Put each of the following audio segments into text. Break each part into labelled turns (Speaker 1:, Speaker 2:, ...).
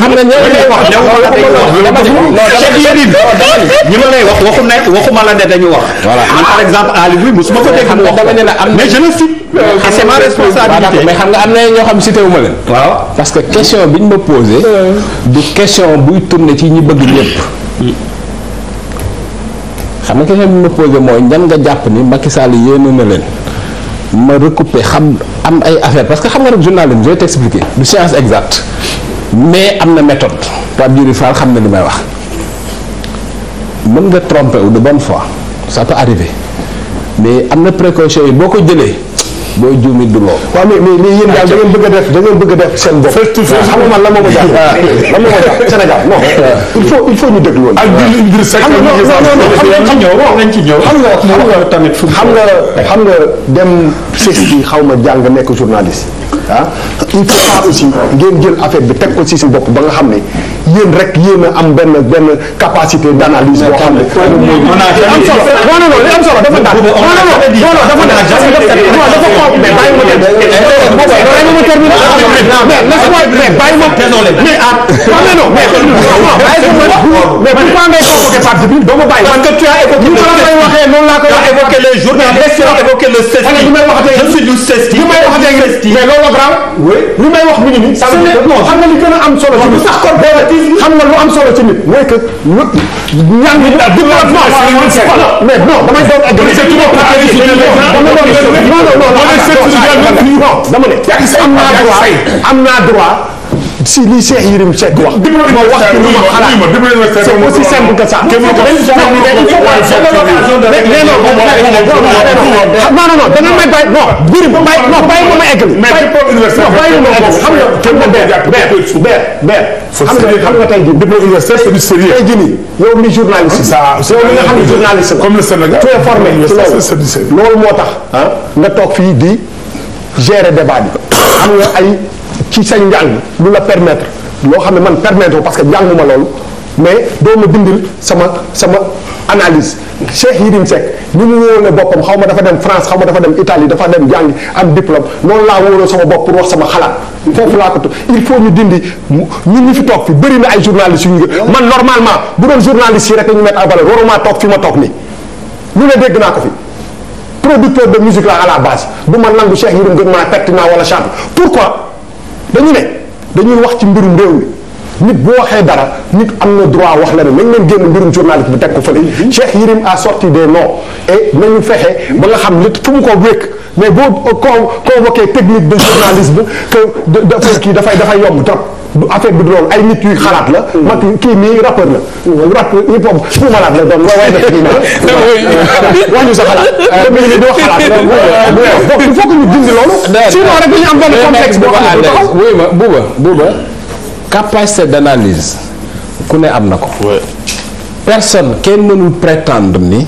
Speaker 1: xam nga ñi ma lay wax waxu nekk waxuma wax. voilà man par exemple Aliou am mais je le cite. et euh, ah, mais xam nga am na ñoo xam cité wu ma leen. waaw parce que question bi ñu ma posé. Euh. du question buy tourné ci ñi bëgg ñëpp. Mm. xam nga question bi ñu ma posé mooy ñan nga jàpp ni Macky Sall yéene na leen. ma recoupé xam am ay affaire parce que xam nga rek journalisme je vais t'expliquer du science exacte. mais am na méthode Pape Djibril Fall xam na li may wax mën nga tromper wu de bonne fois ça peut arriver mais am na précaution yi boo ko jëlee boo juumit du loolu. waaw mais mais yéen daal da bëgg a def da ngeen bëgg a def sen bopp. ma jàpp lan moo ah. ma jàpp Sénégal non. Ah. il faut il faut ñu déglu woon. nga ci ñëw xam nga xam nga tamit. xam nga dem sës bi xaw ma jàng nekk journaliste. ah il faut pas aussi ngeen jël affaire bi teg ko ci si bopp ba nga xam ne yéen rek yéen a am benn benn capacité d'analyse boo xam ne. am solo non non li am solo dafa daan non non non dafa daan parce que dafa dafa xaw mais bàyyi ma terminer bàyyi ma terminer mais laisse-moi mais bàyyi ma mais ah mais non mais mais pourquoi ngay convoquer Pape Djibril doo ma bàyyi parce que tu as évoqué noonu laa koy waxee les journalistes tu as évoqué le investir mais loolu la oui li may wax nit ñi. ça veut dire non xam nga li gën a am solo. ci nit sax kon xam nga lu am solo ci nit. mooy que ñun. ñaan yi daal développement mais non damay doon ak. mais c'est trop tard ci biir non non non dama ne am naa droit am naa droit. si li Cheikh Yérim Seck wax. ma wax ci lu ma xalaat c'est aussi simple que ça. non non non da nga may bàyyi non. biir ba bàyyi non bàyyi ma ma eggali. mais diplôme universitaire bàyyi ma ma xam nga xam nga beer xam nga tey jii. diplôme universitaire c'est du sérieux. tey jii nii yow mi journaliste. yow mi nga xam ne journaliste la. comme le Sénégal tu es formé ci loolu. loolu moo tax. Ah, nga toog fii di gérer débat bi. am nga ay. ci sañ njàng lu la permettre loo xam ne man permettre parce que ma loolu mais doo ma bindil sama sama analyse Cheikh Yérim Seck ni mu wóor ne boppam xaw ma dafa dem France xaw ma dafa dem Italie dafa dem jàngi am diplôme noonu laa wóoroo sama bopp pour wax sama xalaat foofu laa ko il faut ñu dindi ñun ñu fi toog fi bëri na ay journalistes yu ñu man normalement bu doon journaliste yi rek ñu mettre à valeur waruma toog fi ma toog nii lu ne dégg naa ko fi producteur de musique la à la base du ma nangu Cheikh wala chante pourquoi dañu ne dañuy wax ci mbirum réew mi nit bu waxee dara nit am na droit wax la ne nañ leen génn mbirum journaliste bi teg ko fële mhm. Cheikh Yérim a sorti des noms et nañu fexe ba nga xam li fu mu ko wékk mais boo convoqué technique de journalisme que dafay kii dafay dafay yomb trop du affaire bi du loolu ay nit yuy xalaat la. Mm. mag kii mii rappeur la. Mm. rap hip hop fu malade la doon waaye ku ne am na ko. personne kenn mënul prétendre ni.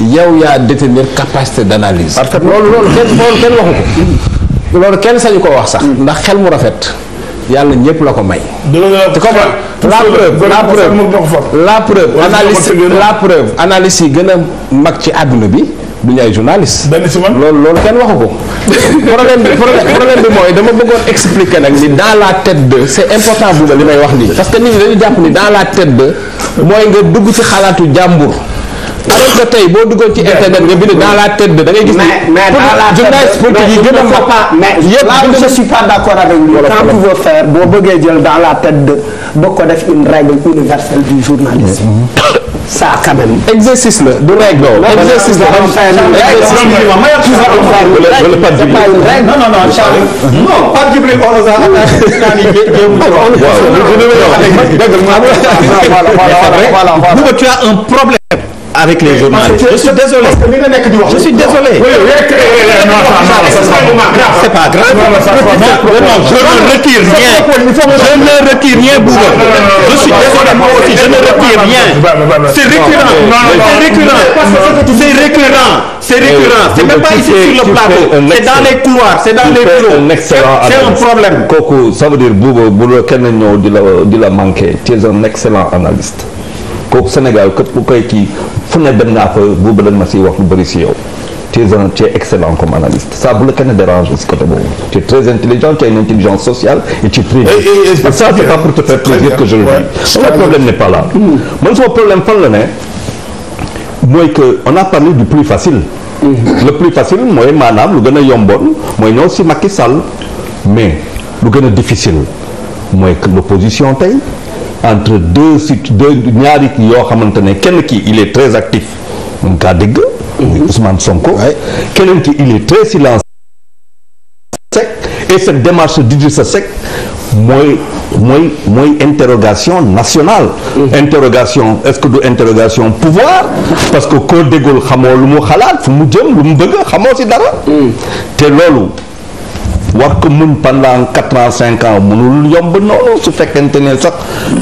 Speaker 1: yow yaa détenir capacité d'analyse. parce que loolu kenn loolu kenn waxu ko. loolu kenn sañu ko wax sax. Mm. ndax xel mu rafet. yàlla ñëpp la ko may. te comme la preuve la preuve la preuve analyse la preuve analyse yi gën a mag ci àdduna bi duñu ay journaliste. benn si man loolu loolu kenn waxu ko. problème bi problème bi mooy dama bëggoon expliquer nag ni dans la tête de c' est important bu nga li may wax nii. parce que nit ñi dañu jàpp ni dans la tête de mooy nga dugg ci xalaatu jàmbur. alors que tey boo duggoon ci internet nga bind la tête de da ngay gis. mais mais dans la tête de mais je ne sais pas mais là où je suis pas d'accord avec lui. quand tu veux faire boo bëggee jël dans la tête de ba ko def une règle universelle du journalisme. ça quand exercice la du règle exercice la am non non non Charles. non Pape Djibril on a voilà voilà voilà voilà avec les journalistes. je suis désolé je suis désolé. je ne retire rien. je ne retire rien Bouba. je ne retire rien. c'est récurrent. c'est récurrent. c'est récurrent. c'est récurrent. c'est un problème. kooku ça veut dire Bouba bu la kenn ñëw un excellent analyste. kooku Sénégal képp ku koy kii fu ne dem naa fa buuba dañ ma si wax lu bëri si yow tu excellent comme analyste ça bu la kenn dérange si côté boobu tu très intelligent tu une intelligence sociale et tu prives et ça c'est pas pour te faire plaisir que je le dis le problème n'est pas là hmm. man sama problème fan la ne mooy que on a parlé du plus facile hmm. le plus facile mooy maanaam lu gën a yomboon mooy ñëw si Macky Sall mais lu gën a difficile mooy que l'opposition tey entre deux sites deux ñaari kii yoo xamante ne kenn kii il est très actif mu ngi kaa Sonko. keneen ki il est très silencieux. et cette démarche d'Idrissa Seck mooy mooy mooy interrogation nationale mhm. interrogation est-ce que de interrogation pouvoir parce que koo déggul xamoo lu mu xalaat fu mu jëm lu mu bëgg xamoo ci dara mhm. te loolu wax ko muñ pendant quatre ans cinq ans mënul yomb noonu su fekkente ne sax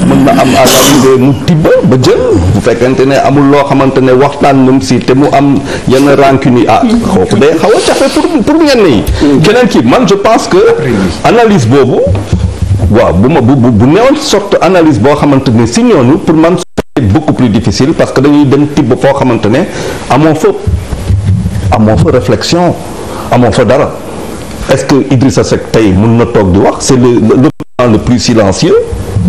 Speaker 1: mën na am à l'arrivée ba jël bu fekkente ne amul loo xamante ne waxtaan mu si te mu am yenn rancune yi ah kooku day xaw a jafe pour man je pense que analyse boobu waaw bu bu bu newoon sorte analyse boo xamante ne si ñooñu pour man c'est beaucoup que dañuy dem tibb foo xamante ne amoo fa fa réflexion amoo fa dara est-ce que Idrissa Seck tey mën na toog di wax c'est le le plan le plus silencieux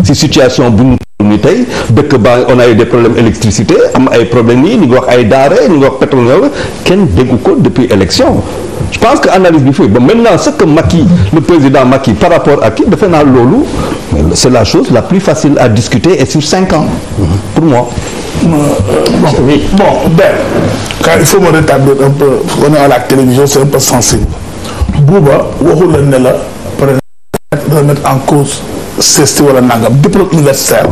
Speaker 1: si situation bu ñu ñu tey dëkk ba on a eu des problèmes électricité am ay problèmes yi ñu ngi wax ay daare ñu ngi wax pétrole kenn déggu ko depuis élection je pense que analyse bi fii ba maintenant ce que Macky le président Macky par rapport ak kii defe naa loolu c'est la chose la plus facile à discuter et sur cinq ans pour moi bon euh, oui. bon ben quand il faut me rétablir un peu on buuba waxul la ne la par exemple dana mettre en cause CESTI wala nangam diplôme universitaire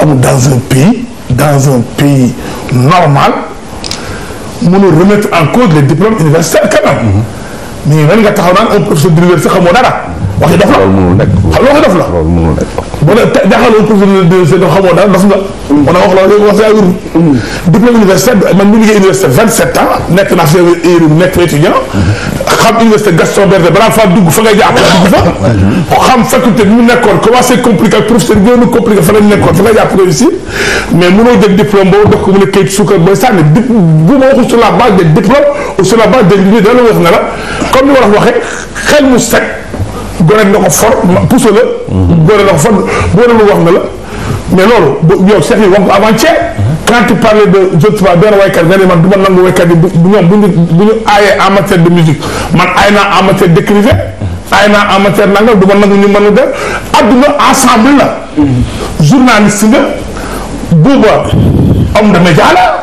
Speaker 1: amul dans un pays dans un pays normal mënul remettre en cause les diplômes universitaires quand même. Mhm. mais man nga taxaw naan un professeur d'université xamoo dara. waxi dof la loolu mënul nekk. xam nga waxi dof la loolu bu dee te jaaxaloo cours de de xamoo daal bas nga. on mm. a wax loolu léegi wax si ay wéru. diplôme universitaire man mi liggéey université 27 ans nekk naa fi nekk fa étudiant. Mm-hmm. xam université Gaston Berger balaa faa dugg fa ngay jàpp dugg fa. Mm-hmm. xam faculté bi mu nekkoon commencé compliqué ak professeur bi gën a compliqué fa la ñu nekkoon fa ngay jàpp réussir mais mënoo jël diplôme boobu def ko mu ne kayit suukar booy sànni di bu ma waxul sur la base des diplômes ou sur la base des lignes da la wax ne la comme ni ma la waxee xel mu set. gone na ko for pousse la. gone na for gone lu wax la mais loolu yow seex yi wax nga avant-hier. quand tu parlais de je sais pas benn waykat nga ne man du ma nangu waykat yi bu ñoom bu ñu bu ñu aayee en de musique man aay naa en matière d'écrivain. aay naa en matière nangam du ma nangu ñu mën a def adduna ensemble la. journaliste nga booba homme de média la.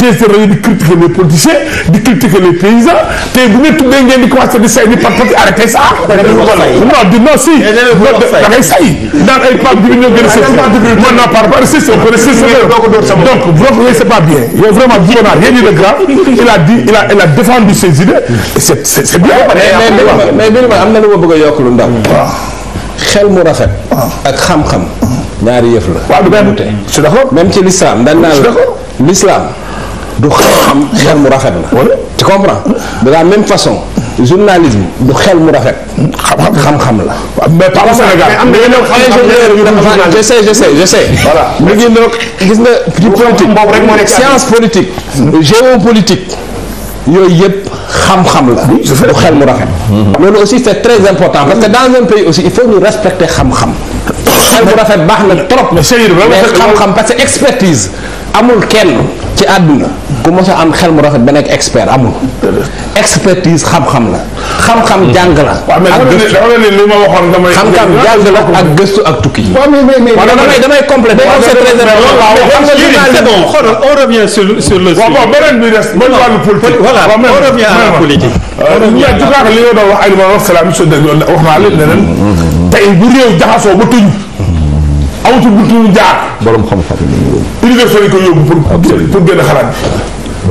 Speaker 1: tey seen rajo di critiquer les politiciens di critiquer les paysans tey bu ngeen tuddee ngeen di commencé di say di par parti arrêté ça. non non si. da ngay say naan ay Pape Djibril ñoo gën a sëñ. man naa par par c'est donc donc c'est pas bien yow vraiment Djibril naa rien dit de grave il a dit il a il a défendu ses idées c'est c'est bien. mais mais am na lu ma bëgg a yokk lu ndaw. Ah. xel mu rafet. Ah. ak xam-xam. ñaari yëf la. waaw du benn tey. je suis d'accord même ci l'islam dañ naan l'islam du xam-xam xel mu rafet la. tu comprends de la même façon journalisme du xel mu rafet. xam-xam xam-xam la. mais par Sénégal am na yeneen ingénieur yu def journalisme je sais je sais je sais. voilà mu ngi gis nga. ci politique rek moo nekk science politique. Hmm. géopolitique. yooyu yëpp xam-xam la. du xel mu rafet. Hmm. loolu aussi c'est très important parce que dans un pays aussi il faut ñu respecter xam-xam. xel mu rafet baax na trop. mais xam-xam parce que expertise amul kenn ci àdduna. ku mos a am xel mu rafet ba nekk expert amul. expertise xam-xam la. xam-xam jàng la. ak gëstu waaw mais li ma waxoon damay. xam-xam jàng ak gëstu ak tukki. waaw mais mais mais damay damay complété. waaw xoolal on revient sur sur le. bu réew jaxasoo ba tëju. amatul buntu jaar. borom xam-xam. université yi ko yóbbu pour pour gën a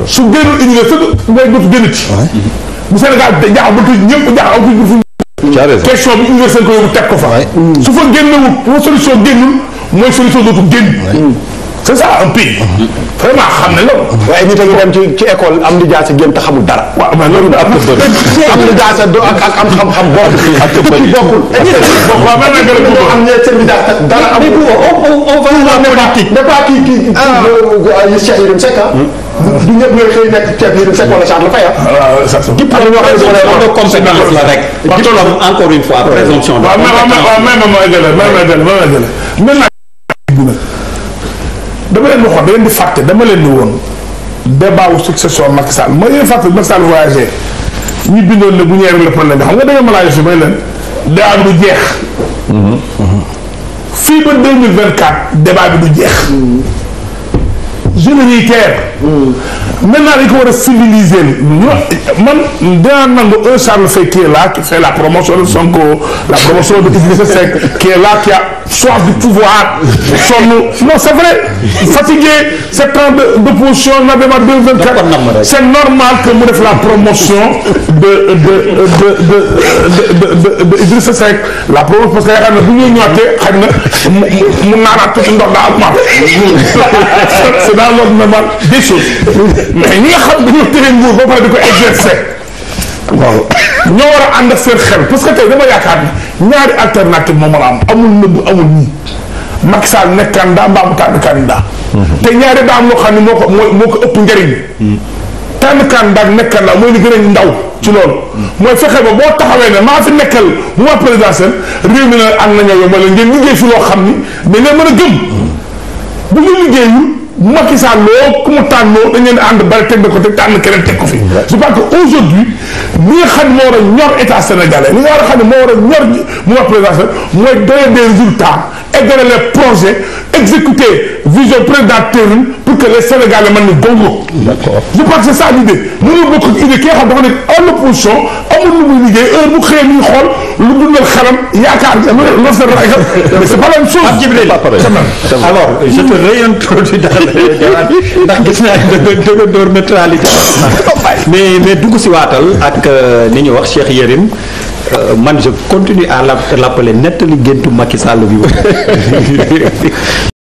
Speaker 1: su génnoon université ngay dootu génnati. bu Sénégal jaaxal ba tuuti ñëpp jaaxal tuuti bu fi. question bi université ko yóbbu teg ko fa. su fa génnewul pour solution génnul mooy solution dootu génn. Mm. c'est ça un pays. vraiment xam ne loolu. waaye nit a ngi dem ci ci école am di jaase génn te xamul dara. waaw man loolu daal am di jaase do ak ak am xam-xam bokk. ak képp ku bokkul. ak képp ku bokkul waaw man am ñeent seen dara amul. mais on on va. on va ne pas kii kii kii. ah Cheikh Yérim Seck ah. hmm. du ñëpp ñooy xëy nekk ceeb yi sec wala Charles Faye ah. sax di pare ñoo xam ne compétence la rek. dama leen di xool da leen di fàtte dama leen di woon débat wu succession Macky Sall ma leen fàtte Macky Sall voyagé ñu bindoon ne problème xam nga da nga mën a yusuf may leen daa am du jeex. fii ba 2024 débat bi du jeex. généritaire. maintenant dañ ko war a civiliser man dinaa nangu un Charles Seck qui est là qui fait la promotion de Sonko la promotion de Idrissa Seck qui est là qui a soif du pouvoir sonn non c'est vrai fatigué sept ans d'opposition Naby Maré 2024 c'est normal que mu def la promotion de de de de de de Idrissa Seck la promotion parce que yaakaar na bu ñuy ñëwaatee xaj na mu naanaat tuuti ndox daa am c'est dans l'ordre normal des choses mais ñi nga xam dañoo tere nguur ba pare di ko exercer waaw ñoo war a ànd ak seen xel parce que tey dama yaakaar ne ñaari alternative moom la am amul nëbb nii Macky Sall nekk candidat mbaa mu tànn candidat mhm. te ñaari daa loo xam ne moo ko moo ko ëpp njëriñ. Mhm. tànn candidat nekk candidat mooy li gën a ndaw ci loolu. Mhm. mooy fexe ba boo taxawee ne maa fi nekkal mooy présidentiel réew mi na ànd nañoo yombal ngeen liggéey fi loo xam ni da mën a gëm bu ñu liggéeyul. Macky Sall ku mu tànnoo dañ leen ànd bari teg na ko te tànn keneen teg ko fi. je pense que aujourd'hui li nga xam moo war a ñor état sénégalais li nga war a xam moo war a ñor mu wax président mooy donner des résultats égaler les projets exécuter vision président terme pour que les sénégalais mën na góorgóorlu. d'accord je pense que c'est ça l'idée. mënoo bokk idée ki nga xam dafa nekk en opposition. amul lu muy liggéey heure bu xëyee muy xool lu dundal xaram yaakaar nga lu rafet rek c'est pas la même je te réintroduis dans le ndax gis naa dëgg dëgg dóor neutralité mais dugg si waatal ak ni euh, ñu wax Cheikh Yérim euh, man je continue à l'appeler nettali géntu Macky Sall bi